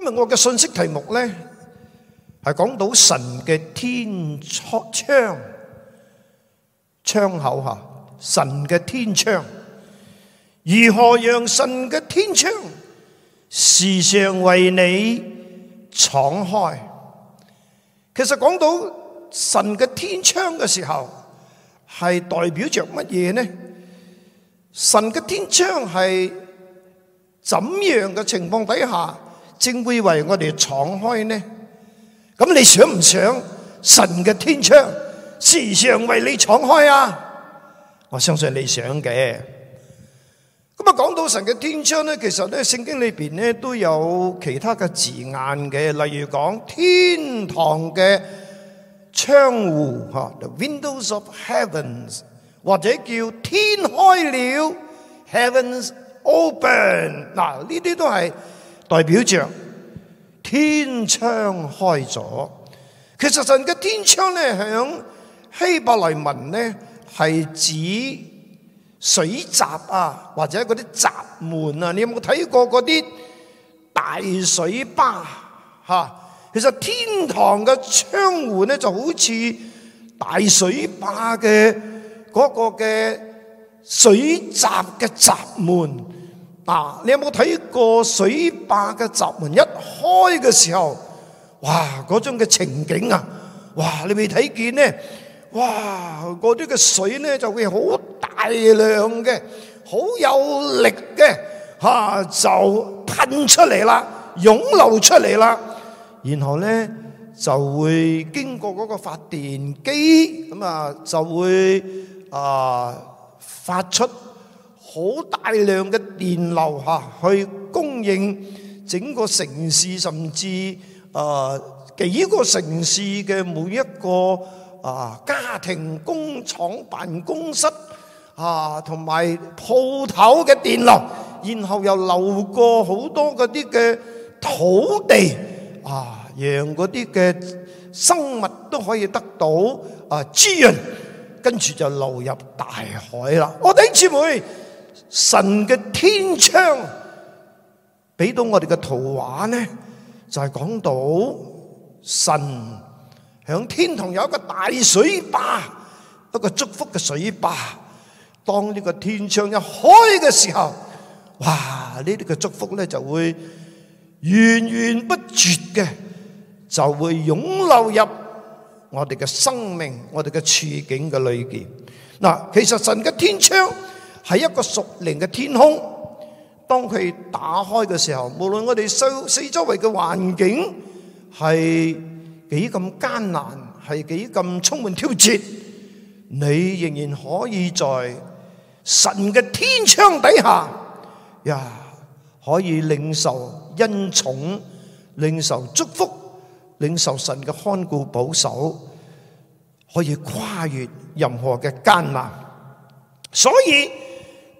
今日我嘅信息題目呢，係講到神嘅天窗窗口吓，神嘅天窗如何讓神嘅天窗時常為你敞開？其實講到神嘅天窗嘅時候，係代表着乜嘢呢？神嘅天窗係怎樣嘅情況底下？正會為我哋敞開呢？咁你想唔想神嘅天窗時常為你敞開啊？我相信你想嘅。咁啊，講到神嘅天窗咧，其實咧聖經裏邊咧都有其他嘅字眼嘅，例如講天堂嘅窗戶吓，the windows of heavens，或者叫天開了，heavens open，嗱呢啲都係。代表着天窗開咗其實神嘅天窗呢響希伯來文呢係指水閘啊或者嗰啲閘門啊你有冇睇過嗰啲大水壩吓其實天堂嘅窗戶呢就好似大水壩嘅嗰個嘅水閘嘅閘門嗱，你有冇睇過水壩嘅閘門一開嘅時候？哇，嗰種嘅情景啊！哇，你未睇見咧？哇，嗰啲嘅水咧就會好大量嘅，好有力嘅，嚇就噴出嚟啦，湧流出嚟啦，然後咧就會經過嗰個發電機，咁啊就會啊發出。好大量嘅電流吓，去供應整個城市，甚至誒，幾個城市嘅每一個啊家庭、工廠、辦公室啊，同埋鋪頭嘅電流，然後又流過好多嗰啲嘅土地啊，讓嗰啲嘅生物都可以得到啊資源，跟住就流入大海啦！我頂住佢。神嘅天窗俾到我哋嘅圖畫呢，就係講到神響天堂有一個大水壩，一個祝福嘅水壩。當呢個天窗一開嘅時候，哇！呢啲嘅祝福呢就會源源不絕嘅，就會湧流入我哋嘅生命、我哋嘅處境嘅裏邊。嗱，其實神嘅天窗。喺一個屬靈嘅天空，當佢打開嘅時候，無論我哋四周圍嘅環境係幾咁艱難，係幾咁充滿挑戰，你仍然可以在神嘅天窗底下呀，可以領受恩寵，領受祝福，領受神嘅看顧保守，可以跨越任何嘅艱難。所以。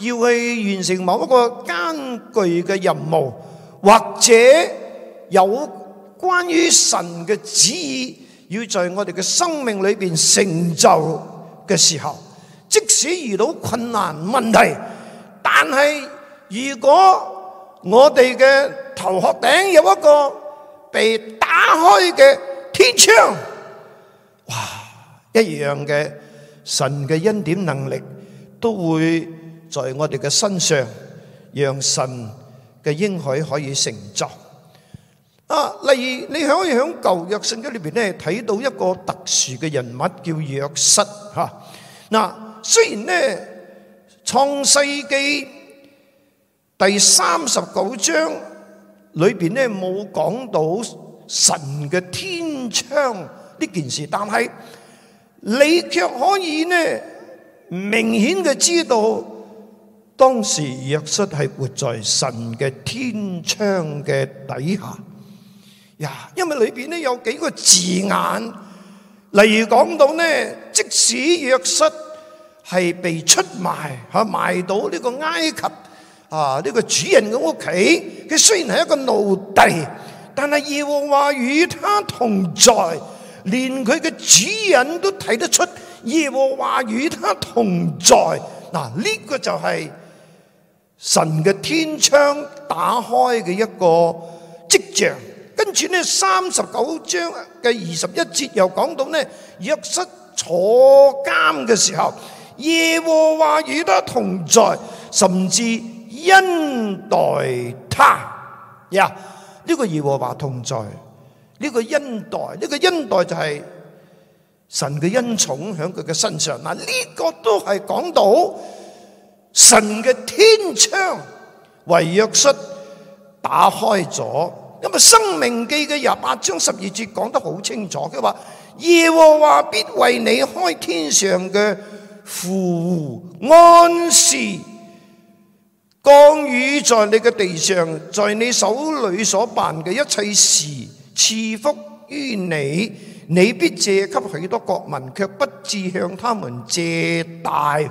要去完成某一個艱巨嘅任務，或者有關於神嘅旨意要在我哋嘅生命裏邊成就嘅時候，即使遇到困難問題，但係如果我哋嘅頭殼頂有一個被打開嘅天窗，哇！一樣嘅神嘅恩典能力都會。在我哋嘅身上，讓神嘅應許可以成就啊！例如，你可以喺舊約聖經裏邊咧睇到一個特殊嘅人物叫約瑟吓。嗱，雖然咧創世記第三十九章裏邊咧冇講到神嘅天窗呢件事，但係你卻可以咧明顯嘅知道。當時約瑟係活在神嘅天窗嘅底下，呀，因為裏邊咧有幾個字眼，例如講到咧，即使約瑟係被出賣吓，賣到呢個埃及啊呢個主人嘅屋企，佢雖然係一個奴隸，但係耶和華與他同在，連佢嘅主人都睇得出耶和華與他同在，嗱呢個就係、是。神嘅天窗打開嘅一個跡象，跟住呢三十九章嘅二十一節又講到呢，約瑟坐監嘅時候，耶和華與他同在，甚至恩待他呀。呢、yeah, 個耶和華同在，呢、這個恩待，呢、這個恩待就係神嘅恩寵響佢嘅身上。嗱，呢個都係講到。神嘅天窗為約室打開咗，咁啊《申命記》嘅廿八章十二節講得好清楚，佢話耶和華必為你開天上嘅府庫按時，降雨在你嘅地上，在你手裏所辦嘅一切事賜福於你，你必借給許多國民，卻不至向他們借貸。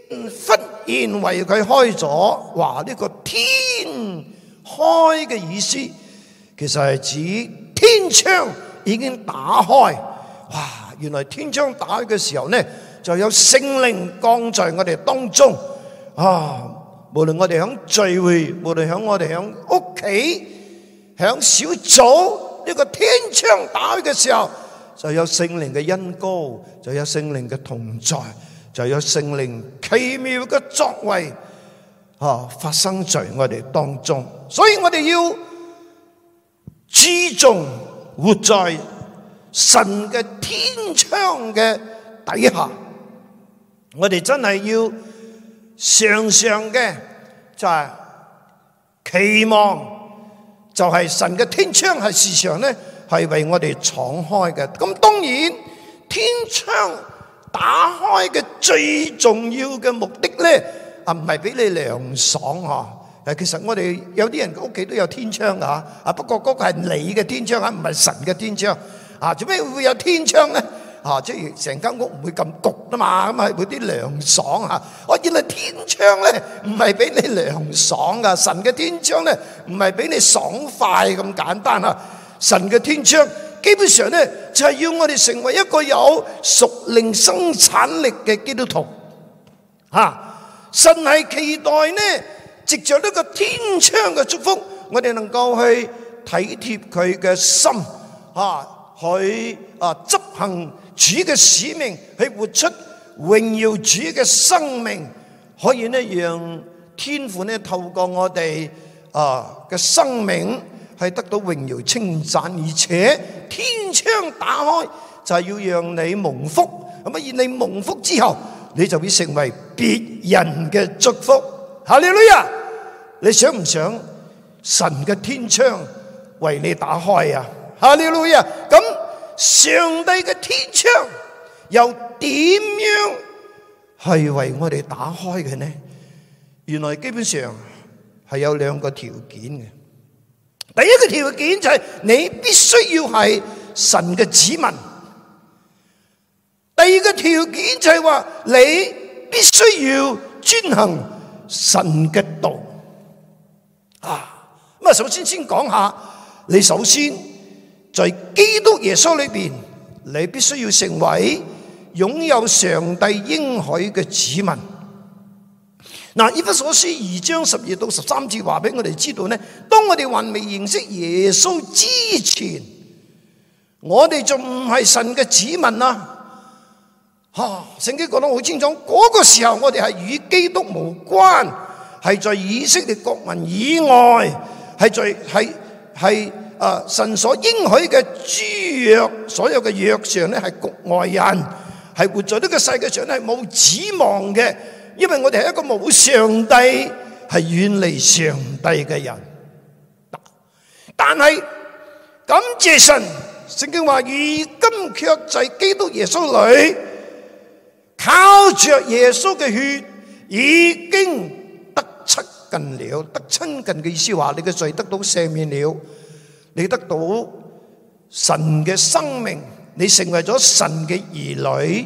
忽然為佢開咗，哇！呢個天開嘅意思，其實係指天窗已經打開。哇！原來天窗打開嘅時候呢，就有聖靈降在我哋當中。啊，無論我哋響聚會，無論響我哋響屋企，響小組，呢個天窗打開嘅時候，就有聖靈嘅恩膏，就有聖靈嘅同在。就有聖靈奇妙嘅作為，吓發生在我哋當中，所以我哋要注重活在神嘅天窗嘅底下。我哋真係要常常嘅就係期望，就係神嘅天窗係時常咧，係為我哋敞開嘅。咁當然天窗。打開嘅最重要嘅目的咧，啊唔係俾你涼爽哦。誒，其實我哋有啲人屋企都有天窗啊，啊不過嗰個係你嘅天窗，唔係神嘅天窗。啊，做咩會有天窗咧？啊，即係成間屋唔會咁焗啊嘛，咁係會啲涼爽啊。我見你天窗咧，唔係俾你涼爽噶，神嘅天窗咧，唔係俾你爽快咁簡單啊。神嘅天窗。基本上咧就係要我哋成為一個有屬靈生產力嘅基督徒，吓，神係期待咧，藉着呢個天窗嘅祝福，我哋能夠去體貼佢嘅心，吓，去啊執行主嘅使命，去活出榮耀主嘅生命，可以呢讓天父呢透過我哋啊嘅生命。係得到榮耀稱讚，而且天窗打開就係要讓你蒙福。咁啊，而你蒙福之後，你就會成為別人嘅祝福。哈利路亞，你想唔想神嘅天窗為你打開啊？哈利路亞。咁上帝嘅天窗又點樣係為我哋打開嘅呢？原來基本上係有兩個條件嘅。第一個條件就係你必須要係神嘅子民；第二個條件就係話你必須要遵行神嘅道。啊，咁啊，首先先講下，你首先在基督耶穌裏邊，你必須要成為擁有上帝應許嘅子民。嗱，以弗所書二章十二到十三節話俾我哋知道咧，當我哋還未認識耶穌之前，我哋仲唔係神嘅子民啦。吓，聖經講得好清楚，嗰個時候我哋係與基督無關，係在以色列國民以外，係在係係啊神所應許嘅諸約，所有嘅約上咧係局外人，係活在呢個世界上係冇指望嘅。因為我哋係一個冇上帝，係遠離上帝嘅人。但係感謝神，聖經話：如今卻在基督耶穌裏，靠着耶穌嘅血，已經得親近了。得親近嘅意思話，你嘅罪得到赦免了，你得到神嘅生命，你成為咗神嘅兒女。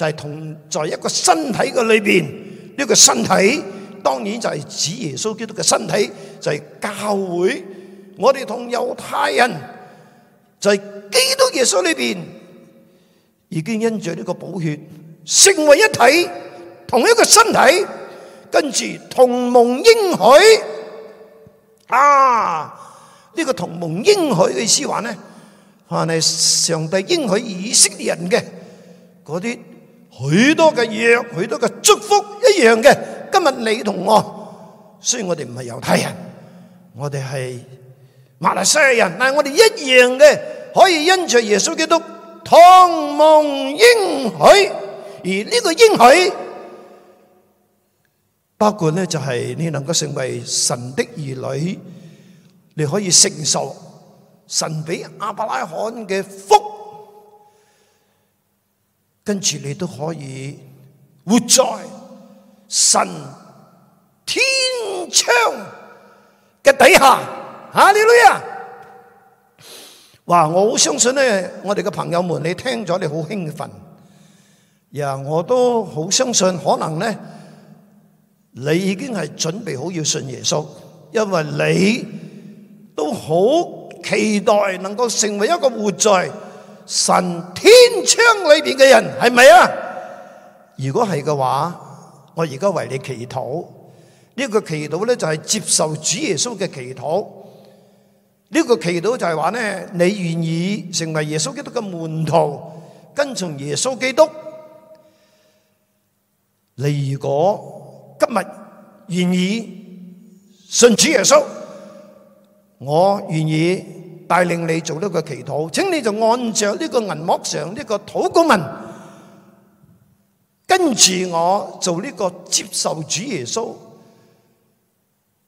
就係同在一個身體嘅裏邊，呢個身體當然就係指耶穌基督嘅身體，就係教會。我哋同猶太人就係基督耶穌裏邊，已經因着呢個寶血成為一體，同一個身體。跟住同蒙應許啊，呢個同蒙應許嘅說話呢，係上帝應許以色列人嘅嗰啲。許多嘅約，許多嘅祝福，一樣嘅。今日你同我，雖然我哋唔係猶太人，我哋係馬來西亞人，但係我哋一樣嘅，可以因着耶穌基督同蒙應許。而呢個應許，包括咧就係你能夠成為神的兒女，你可以承受神俾亞伯拉罕嘅福。跟住你都可以活在神天窗嘅底下，哈利路亞！哇，我好相信咧，我哋嘅朋友們，你聽咗你好興奮，呀，我都好相信，可能咧，你已經係準備好要信耶穌，因為你都好期待能夠成為一個活在。神天窗裏邊嘅人係咪啊？如果係嘅話，我而家為你祈禱。呢個祈禱咧就係接受主耶穌嘅祈禱。呢個祈禱就係話呢，你願意成為耶穌基督嘅門徒，跟從耶穌基督。你如果今日願意信主耶穌，我願意，帶領你做呢個祈禱，請你就按着呢個銀幕上呢個禱告文，跟住我做呢個接受主耶穌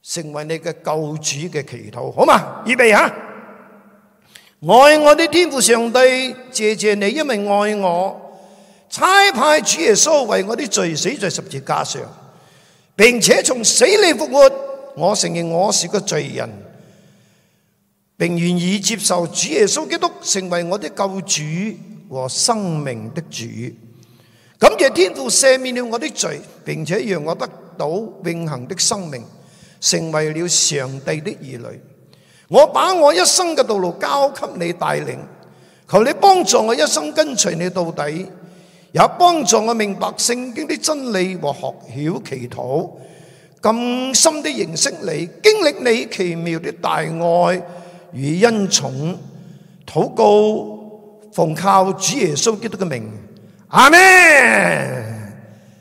成為你嘅救主嘅祈禱，好嘛？預備吓，愛我的天父上帝，謝謝你，因為愛我，差派主耶穌為我的罪死在十字架上，並且從死裏復活。我承認我是個罪人。並願意接受主耶穌基督成為我的救主和生命的主。感謝天父赦免了我的罪，並且讓我得到永恆的生命，成為了上帝的兒女。我把我一生嘅道路交給你帶領，求你幫助我一生跟隨你到底，也幫助我明白聖經的真理和學曉祈禱，更深的認識你，經歷你奇妙的大愛。與恩寵，禱告，奉靠主耶穌基督嘅名，阿門。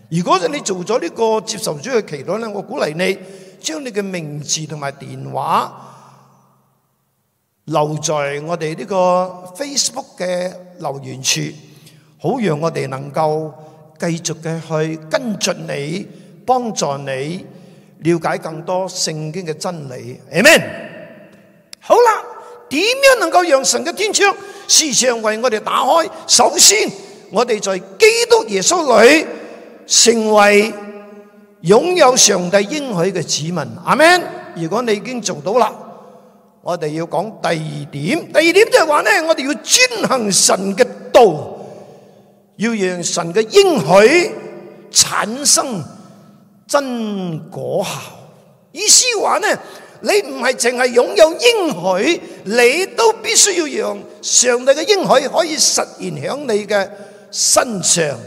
如果係你做咗呢個接受主嘅祈禱咧，我鼓勵你將你嘅名字同埋電話留在我哋呢個 Facebook 嘅留言處，好讓我哋能夠繼續嘅去跟進你，幫助你了解更多聖經嘅真理，阿門。好啦，點樣能夠讓神嘅天窗時常為我哋打開？首先，我哋在基督耶穌裏成為擁有上帝應許嘅子民，阿門，如果你已經做到啦，我哋要講第二點。第二點就係話呢，我哋要專行神嘅道，要讓神嘅應許產生真果效。意思話呢？你唔係淨係擁有應許，你都必須要讓上帝嘅應許可以實現喺你嘅身上，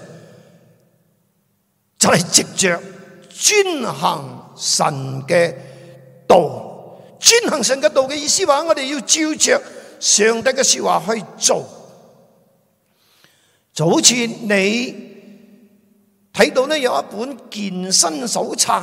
就係藉著遵行神嘅道。遵行神嘅道嘅意思話，我哋要照着上帝嘅說話去做，就好似你睇到呢，有一本健身手冊。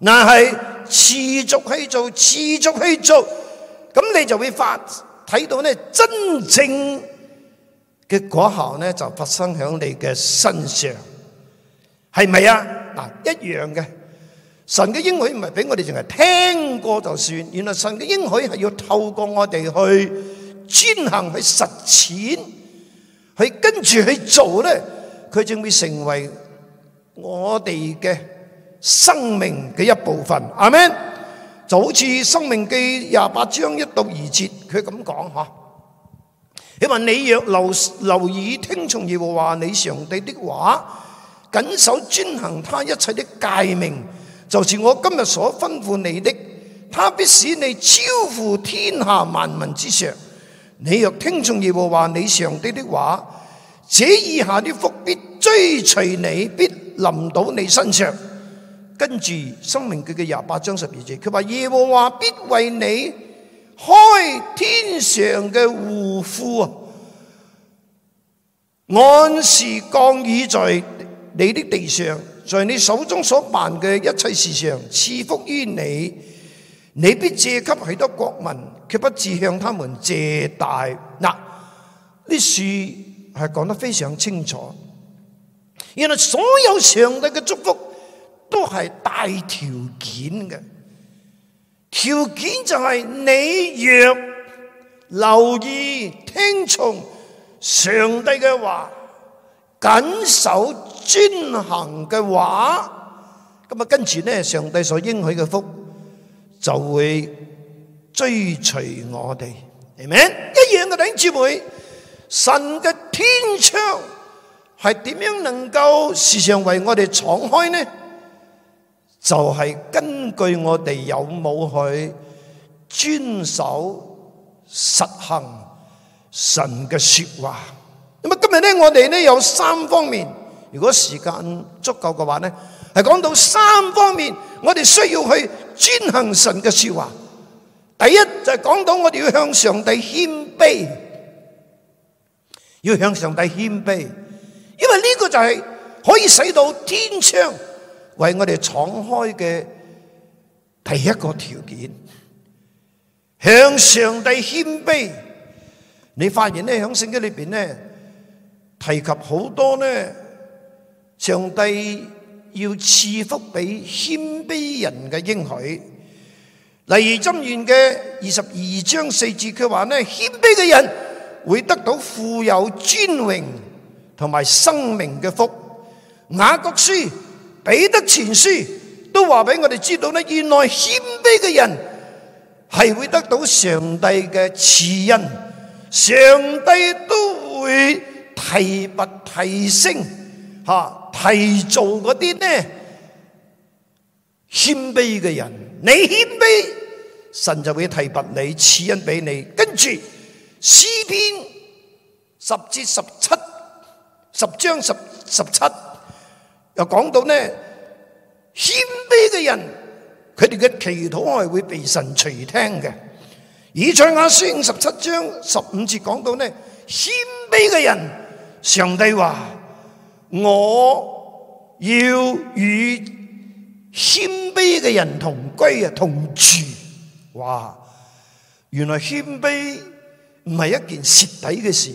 嗱，係持續去做，持續去做，咁你就會發睇到呢真正嘅果效呢，就發生響你嘅身上，係咪啊？嗱，一樣嘅。神嘅應許唔係俾我哋淨係聽過就算，原來神嘅應許係要透過我哋去專行去實踐，去跟住去做呢，佢就會成為我哋嘅。生命嘅一部分，阿 Man 就好似《申命記》廿八章一到二節，佢咁講吓，你問你若留留意聽從耶和華你上帝的話，謹守遵行他一切的誡命，就是我今日所吩咐你的，他必使你超乎天下萬民之上。你若聽從耶和華你上帝的話，這以下的福必追隨你，必臨到你身上。跟住申命記嘅廿八章十二節他，佢話耶和華必為你開天上嘅戶庫啊，按時降雨在你的地上，在你手中所辦嘅一切事上賜福於你，你必借給許多國民，卻不至向他們借大。嗱，呢書係講得非常清楚，原來所有上帝嘅祝福。都係大條件嘅條件就係你若留意聽從上帝嘅話，謹守遵行嘅話，咁啊跟住呢，上帝所應許嘅福就會追隨我哋，係咪？一樣嘅弟兄姊妹，神嘅天窗係點樣能夠時常為我哋敞開呢？就係根據我哋有冇去遵守實行神嘅說話。咁啊，今日咧，我哋咧有三方面。如果時間足夠嘅話咧，係講到三方面，我哋需要去遵行神嘅說話。第一就係講到我哋要向上帝謙卑，要向上帝謙卑，因為呢個就係可以使到天窗。為我哋敞開嘅第一個條件，向上帝謙卑。你發現呢，響聖經裏邊呢，提及好多呢，上帝要賜福俾謙卑人嘅應許。例如《箴言》嘅二十二章四節，佢話呢，謙卑嘅人會得到富有尊榮同埋生命嘅福。雅各書。彼得前書都話俾我哋知道咧，原來謙卑嘅人係會得到上帝嘅賜恩，上帝都會提拔提升吓，提做嗰啲咧謙卑嘅人。你謙卑，神就會提拔你，賜恩俾你。跟住詩篇十至十七十章十十七。又講到呢謙卑嘅人，佢哋嘅祈禱係會被神垂聽嘅。以賽亞書五十七章十五節講到呢謙卑嘅人，上帝話我要與謙卑嘅人同居啊同住。哇！原來謙卑唔係一件蝕底嘅事，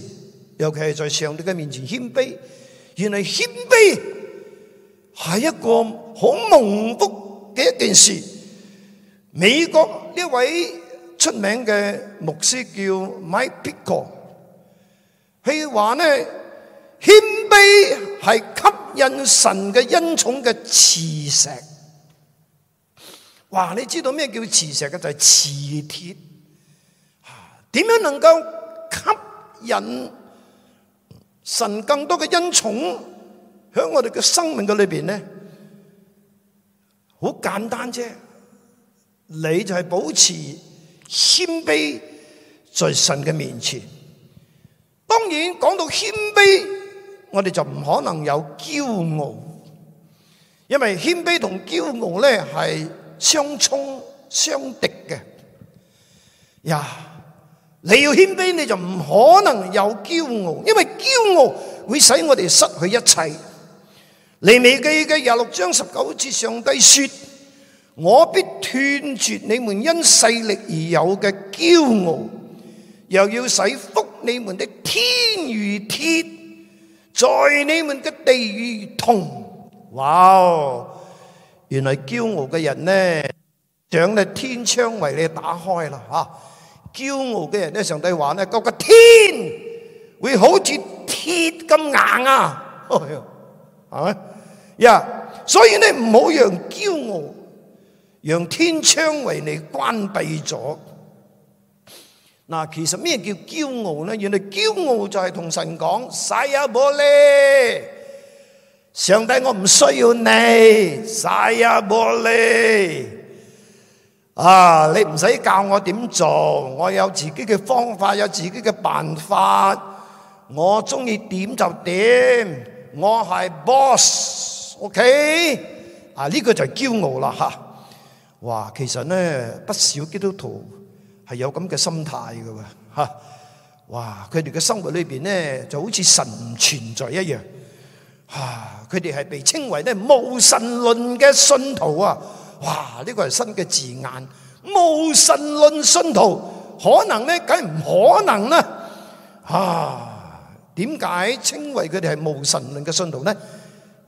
尤其係在上帝嘅面前謙卑。原來謙卑。係一個好蒙福嘅一件事。美國呢位出名嘅牧師叫 Mike Bickle 佢話呢，謙卑係吸引神嘅恩寵嘅磁石。哇，你知道咩叫磁石嘅就係，磁鐵。點樣能夠吸引神更多嘅恩寵？喺我哋嘅生命嘅裏邊咧，好簡單啫。你就係保持謙卑在神嘅面前。當然講到謙卑，我哋就唔可能有驕傲，因為謙卑同驕傲咧係相衝相敵嘅。呀、yeah，你要謙卑，你就唔可能有驕傲，因為驕傲會使我哋失去一切。利未記嘅廿六章十九節，上帝說，我必斷絕你們因勢力而有嘅驕傲，又要使覆你們的天如鐵，在你們嘅地如銅。」哇！原來驕傲嘅人呢，長嘅天窗為你打開啦吓、啊！驕傲嘅人呢，上帝話呢，個個天會好似鐵咁硬啊！呵呵啊！一所以咧，你唔好讓驕傲，讓天窗為你關閉咗。嗱，其實咩叫驕傲呢？原來驕傲就係同神講：晒呀玻璃，上帝我唔需要你，晒呀玻璃。啊！你唔使教我點做，我有自己嘅方法，有自己嘅辦法，我中意點就點。我係 boss，OK？、Okay？啊，呢、這個就係驕傲啦吓、啊。哇，其實呢，不少基督徒係有咁嘅心態噶，吓、啊、哇，佢哋嘅生活裏邊呢，就好似神唔存在一樣。啊，佢哋係被稱為呢無神論嘅信徒啊。哇、啊，呢個係新嘅字眼，無神論信徒，可能呢？梗唔可能啦、啊。啊！點解稱為佢哋係無神論嘅信徒呢？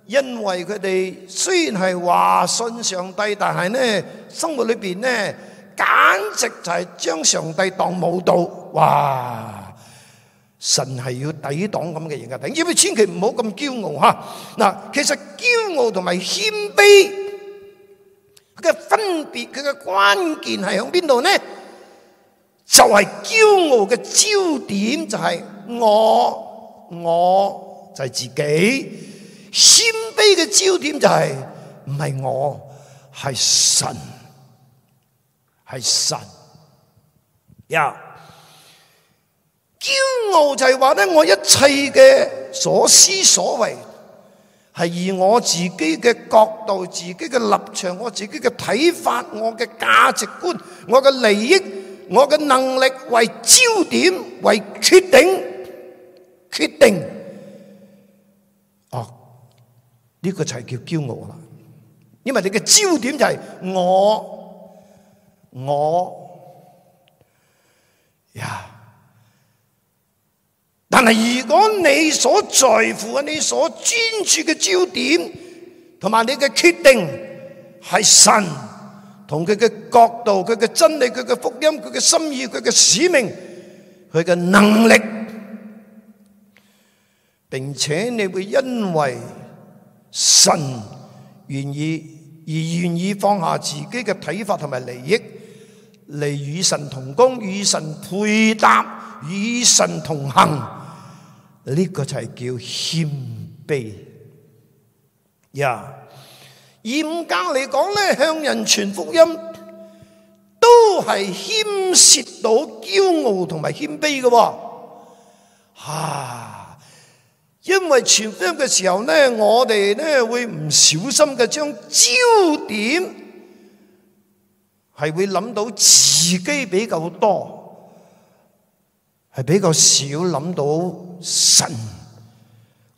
因為佢哋雖然係話信上帝，但係呢，生活裏邊呢，簡直就係將上帝當舞蹈。哇！神係要抵擋咁嘅人格，你要千祈唔好咁驕傲吓。嗱，其實驕傲同埋謙卑佢嘅分別，佢嘅關鍵係喺邊度呢？就係、係、驕傲嘅焦點就係我。我就係自己謙卑嘅焦點就係唔係我係神係神呀 yeah. 驕傲就係話咧，我一切嘅所思所為，係以我自己嘅角度、自己嘅立場、我自己嘅睇法、我嘅價值觀、我嘅利益、我嘅能力為焦點、為決定。決定哦，呢、呢個就係叫驕傲啦，因為你嘅焦點就係我我呀。Yeah. 但係如果你所在乎啊，你所專注嘅焦點同埋你嘅決定係神，同佢嘅角度、佢嘅真理、佢嘅福音、佢嘅心意、佢嘅使命、佢嘅能力。並且你會因為神願意而願意放下自己嘅睇法同埋利益，嚟與神同工、與神配搭、與神同行，呢、這個就係叫謙卑。呀、yeah.，嚴格嚟講呢向人傳福音都係牽涉到驕傲同埋謙卑嘅、哦，吓、啊。因為傳福音嘅時候咧，我哋咧會唔小心嘅將焦點係會諗到自己比較多，係比較少諗到神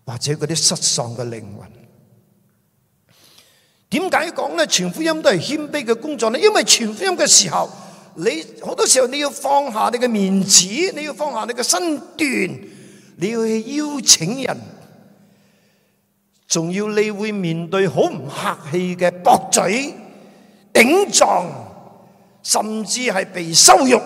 或者嗰啲失喪嘅靈魂。點解講咧？傳福音都係謙卑嘅工作咧，因為傳福音嘅時候，你好多時候你要放下你嘅面子，你要放下你嘅身段。你要去邀請人，仲要你會面對好唔客氣嘅駁嘴、頂撞，甚至係被羞辱。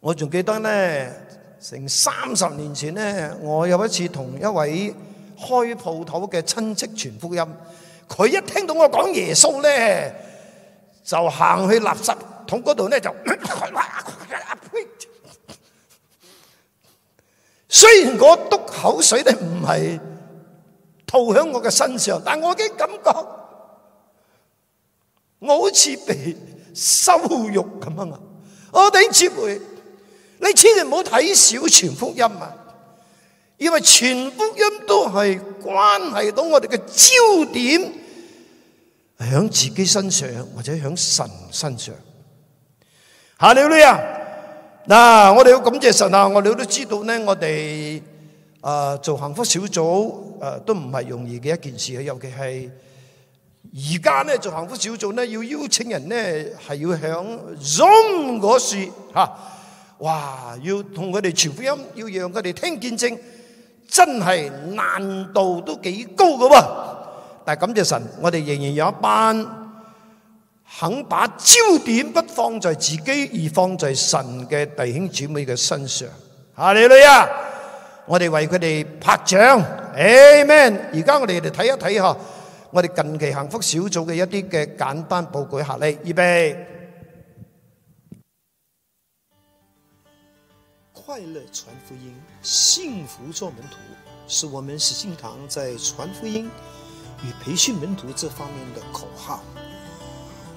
我仲記得咧，成三十年前咧，我有一次同一位開鋪頭嘅親戚傳福音，佢一聽到我講耶穌咧，就行去垃圾桶嗰度咧就。雖然我督口水咧唔係吐喺我嘅身上，但我嘅感覺我好似被羞辱咁樣啊！我哋姊妹，你千祈唔好睇小全福音啊，因為全福音都係關係到我哋嘅焦點係喺自己身上或者喺神身上。下兩位啊！嗱，我哋要感謝神啊！我哋都知道咧，我哋啊做幸福小組，誒都唔係容易嘅一件事啊。尤其係而家咧做幸福小組咧，要邀請人咧，係要響 zone 我説嚇，哇！要同佢哋傳福音，要讓佢哋聽見證，真係難度都幾高㗎喎。但感謝神，我哋仍然有一班。肯把焦點不放在自己，而放在神嘅弟兄姊妹嘅身上。哈利路亞啊，我哋為佢哋拍掌。Amen！而家我哋嚟睇一睇吓，我哋近期幸福小組嘅一啲嘅簡單布局一下，嚟預備。快樂傳福音，幸福做門徒，是我們使信堂在傳福音與培訓門徒這方面嘅口號。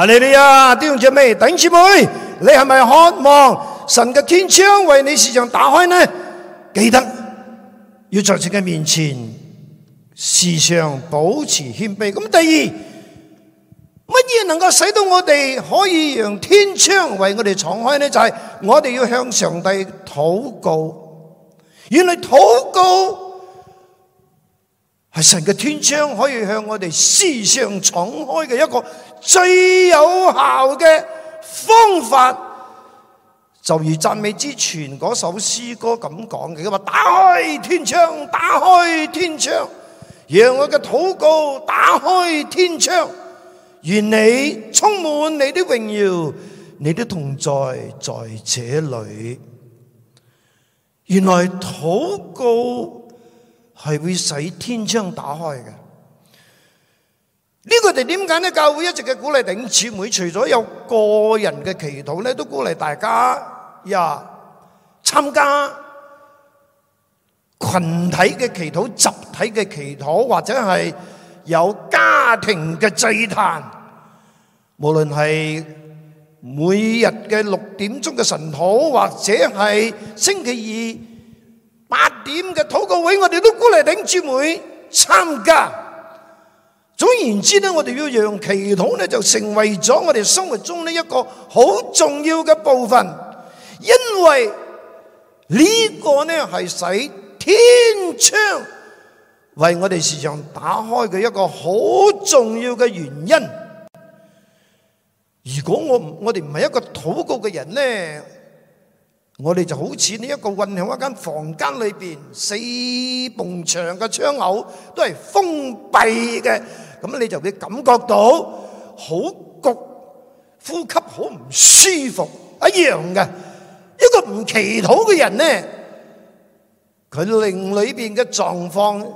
阿你哋啊，都用隻咩頂住佢？你係咪渴望神嘅天窗為你時常打開呢？記得要在神嘅面前時常保持謙卑。咁第二，乜嘢能夠使到我哋可以讓天窗為我哋敞開呢？就係我哋要向上帝禱告。原來禱告。係神嘅天窗可以向我哋思想敞開嘅一個最有效嘅方法，就如讚美之泉嗰首詩歌咁講嘅，佢話，打開天窗，打開天窗，讓我嘅禱告打開天窗，願你充滿你的榮耀，你的同在在這裏。原來禱告。係會使天窗打開嘅，呢個哋點解呢？教會一直嘅鼓勵弟兄姊妹，除咗有個人嘅祈禱咧，都鼓勵大家呀參加群體嘅祈禱、集體嘅祈禱，或者係有家庭嘅祭壇。無論係每日嘅六點鐘嘅晨禱，或者係星期二。八點嘅禱告會，我哋都鼓勵頂住妹參加。總言之咧，我哋要讓祈禱咧就成為咗我哋生活中呢一個好重要嘅部分，因為呢個呢係使天窗為我哋時常打開嘅一個好重要嘅原因。如果我唔，我哋唔係一個禱告嘅人呢。我哋就好似呢一個困喺一間房間裏邊，四埲牆嘅窗口都係封閉嘅，咁你就會感覺到好焗，呼吸好唔舒服，一樣嘅。一個唔祈禱嘅人咧，佢靈裏邊嘅狀況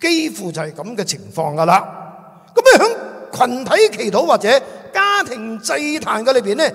幾乎就係咁嘅情況噶啦。咁喺群體祈禱或者家庭祭壇嘅裏邊咧，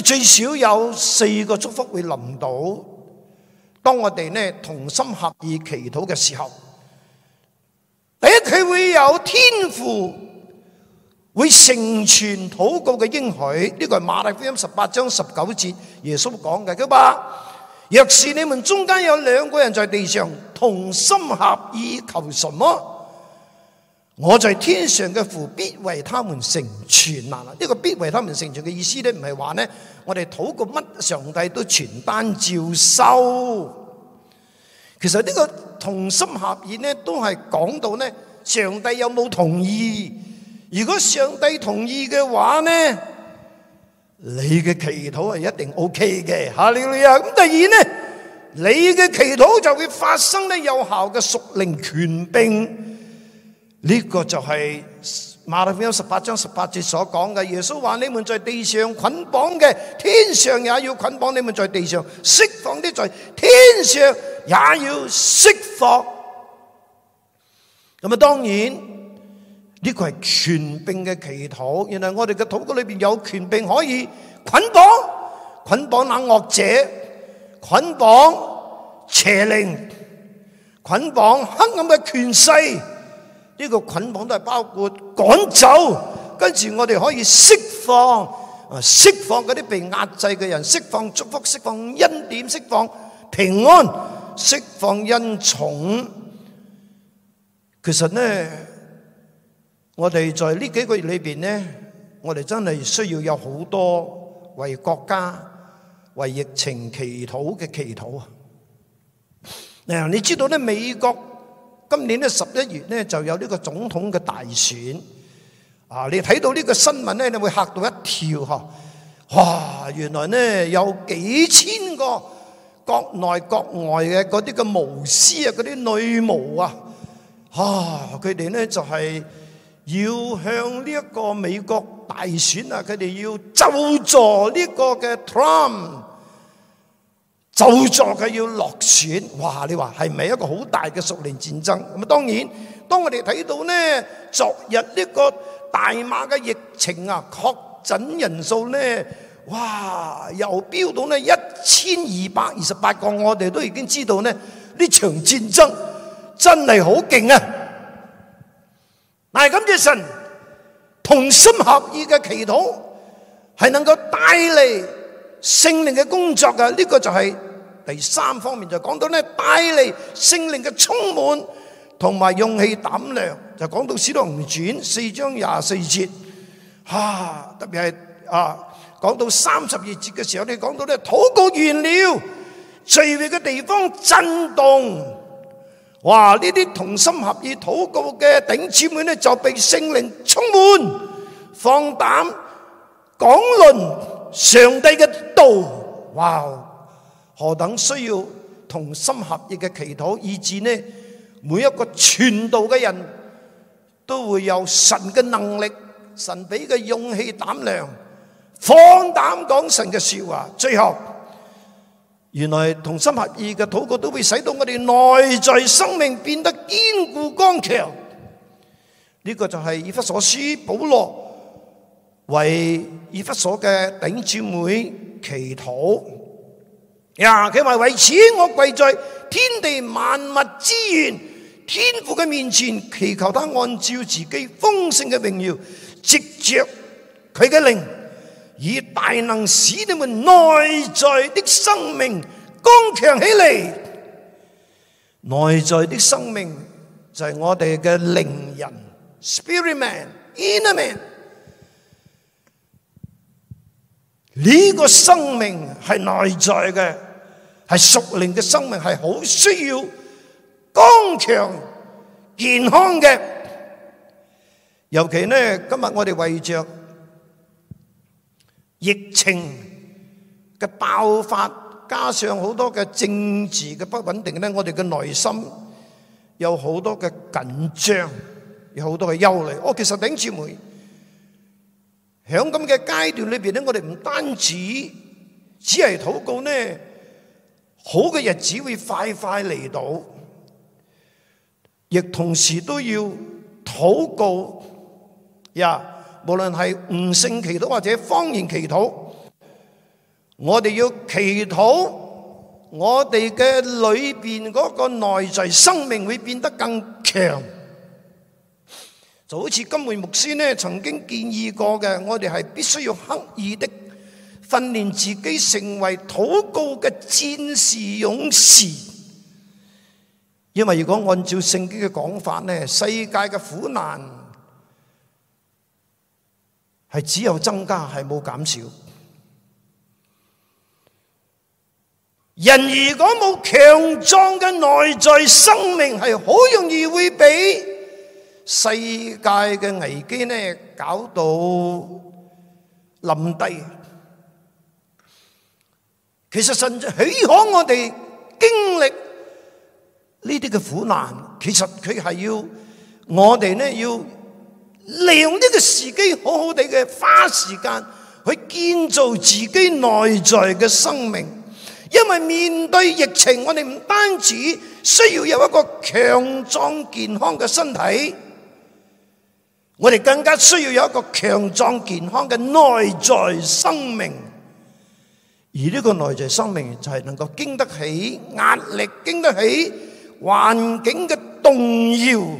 最少有四個祝福會臨到，當我哋呢同心合意祈禱嘅時候，第一，佢會有天父，會成全禱告嘅應許。呢個係馬太福音十八章十九節耶穌講嘅，佢話：若是你們中間有兩個人在地上同心合意求什麼？我在天上嘅父必為他們成全啦。呢個必為他們成全嘅意思咧，唔係話咧，我哋禱告乜上帝都全班照收。其實呢個同心合意咧，都係講到咧，上帝有冇同意？如果上帝同意嘅話咧，你嘅祈禱係一定 OK 嘅。吓你呀咁，第二咧，你嘅祈禱就會發生咧有效嘅屬靈權柄。呢個就係馬太福音十八章十八節所講嘅，耶穌話：你們在地上捆綁嘅，天上也要捆綁你們；在地上釋放的，在天上也要釋放。咁啊，當然呢個係權柄嘅祈禱。原來我哋嘅禱告裏邊有權柄，可以捆綁捆綁冷惡者，捆綁邪靈，捆綁黑暗嘅權勢。呢個捆綁都係包括趕走，跟住我哋可以釋放，啊釋放嗰啲被壓制嘅人，釋放祝福，釋放恩典，釋放平安，釋放恩寵。其實呢，我哋在呢幾個月裏邊呢，我哋真係需要有好多為國家、為疫情祈禱嘅祈禱啊！嗱，你知道呢美國，今年咧十一月咧就有呢個總統嘅大選，啊！你睇到呢個新聞咧，你會嚇到一跳呵！哇！原來咧有幾千個國內國外嘅嗰啲嘅巫師啊，嗰啲女巫啊，啊！佢哋咧就係要向呢一個美國大選啊，佢哋要就助呢個嘅 Trump。就作嘅要落選，哇！你話係咪一個好大嘅屬靈戰爭？咁啊，當然，當我哋睇到呢，昨日呢個大馬嘅疫情啊，確診人數呢，哇，又飆到呢一千二百二十八個，我哋都已經知道呢，呢場戰爭真係好勁啊！但係今次神同心合意嘅祈禱，係能夠帶嚟聖靈嘅工作嘅，呢個就係。第三方面就講到咧，帶嚟聖靈嘅充滿，同埋勇氣膽量，就講到《使徒行傳》四章廿四節，啊，特別係啊，講到三十二節嘅時候，你講到咧禱告完了，聚會嘅地方震動，哇！呢啲同心合意禱告嘅頂姊妹咧，就被聖靈充滿，放膽講論上帝嘅道，哇！何等需要同心合意嘅祈禱以致呢？每一個傳道嘅人都會有神嘅能力，神俾嘅勇氣膽量，放膽講神嘅說話。最後，原來同心合意嘅禱告都會使到我哋內在生命變得堅固剛強。呢個就係《以弗所書》保羅為以弗所嘅頂姊妹祈禱。呀！佢話為此，我跪在天地萬物之源天父嘅面前，祈求他按照自己豐盛嘅榮耀，藉着佢嘅靈，以大能使你們內在的生命剛強起嚟。內在的生命就係我哋嘅靈人 （spirit man, inner man）。呢個生命係內在嘅。係熟齡嘅生命係好需要剛強健康嘅，尤其呢今日我哋為着疫情嘅爆發，加上好多嘅政治嘅不穩定咧，我哋嘅內心有好多嘅緊張，有好多嘅憂慮。哦，其實弟兄姊妹響咁嘅階段裏邊咧，我哋唔單止只係禱告呢。好嘅日子會快快嚟到，亦同時都要禱告呀。無論係悟性祈禱或者方言祈禱，我哋要祈禱，我哋嘅裏邊嗰個內在生命會變得更強。就好似金門牧師呢，曾經建議過嘅，我哋係必須要刻意的。訓練自己成為禱告嘅戰士勇士，因為如果按照聖經嘅講法呢，世界嘅苦難係只有增加，係冇減少。人如果冇強壯嘅內在生命，係好容易會俾世界嘅危機呢搞到冧低。其實甚至許可我哋經歷呢啲嘅苦難，其實佢係要我哋呢，要利用呢個時機，好好地嘅花時間去建造自己內在嘅生命。因為面對疫情，我哋唔單止需要有一個強壯健康嘅身體，我哋更加需要有一個強壯健康嘅內在生命。而呢個內在生命就係能夠經得起壓力，經得起環境嘅動搖，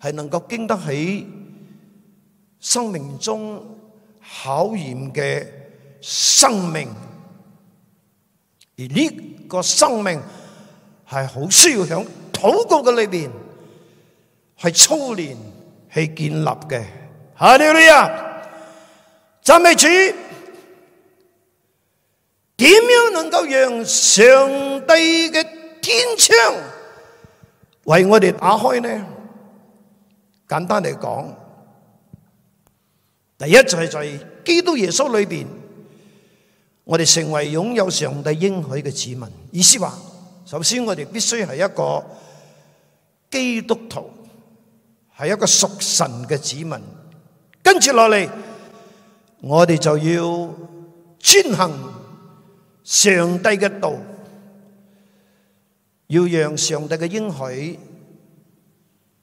係能夠經得起生命中考驗嘅生命。而呢個生命係好需要響禱告嘅裏邊係操練、去建立嘅。哈利路亞，讚美主。點樣能夠讓上帝嘅天窗為我哋打開呢？簡單嚟講，第一就係在基督耶穌裏邊，我哋成為擁有上帝應許嘅子民。意思話，首先我哋必須係一個基督徒，係一個屬神嘅子民。跟住落嚟，我哋就要專行。上帝嘅道要讓上帝嘅應許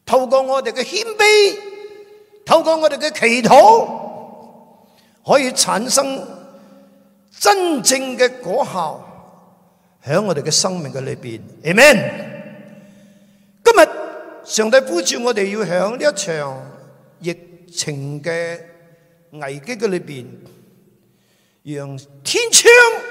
透過我哋嘅謙卑，透過我哋嘅祈禱，可以產生真正嘅果效，喺我哋嘅生命嘅裏邊。阿門。今日上帝呼召我哋要喺呢一場疫情嘅危機嘅裏邊，讓天窗。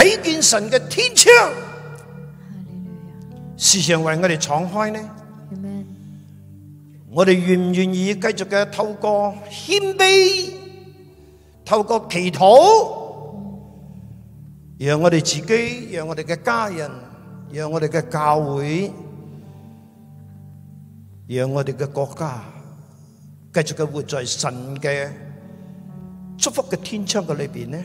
睇見神嘅天窗，時常為我哋敞開呢？我哋願唔願意繼續嘅透過謙卑，透過祈禱，讓我哋自己，讓我哋嘅家人，讓我哋嘅教會，讓我哋嘅國家，繼續嘅活在神嘅祝福嘅天窗嘅裏面呢？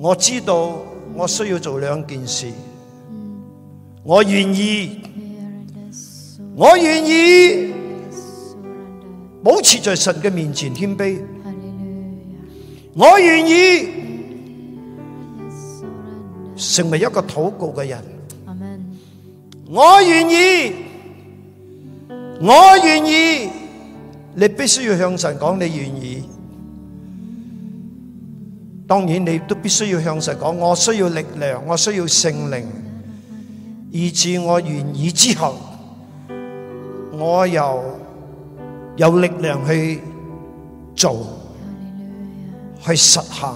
我知道我需要做兩件事，我願意，我願意，保持在神嘅面前謙卑，我願意成為一個禱告嘅人，我願意，我願意，你必須要向神講你願意。當然，你都必須要向神講，我需要力量，我需要聖靈，以至我願意之後，我又有力量去做，去實行。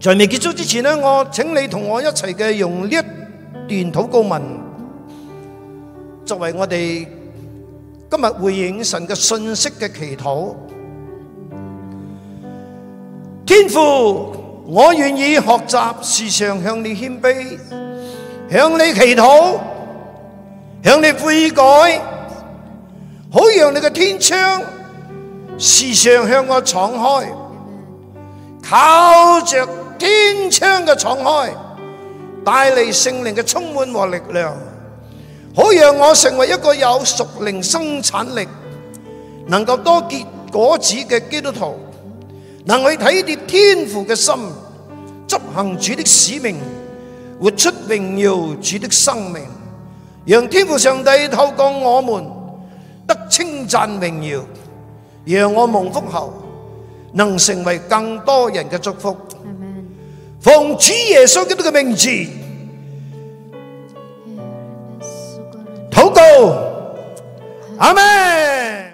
在未結束之前咧，我請你同我一齊嘅用呢一段禱告文，作為我哋今日回應神嘅信息嘅祈禱。天父，我願意學習時常向你謙卑，向你祈禱，向你悔改，好讓你嘅天窗時常向我敞開，靠着天窗嘅敞開，帶嚟聖靈嘅充滿和力量，好讓我成為一個有屬靈生產力，能夠多結果子嘅基督徒。能去體貼天父嘅心，執行主的使命，活出榮耀主的生命，讓天父上帝透過我們得稱讚榮耀，讓我蒙福後能成為更多人嘅祝福。奉主耶穌基督嘅名字，禱告，阿門。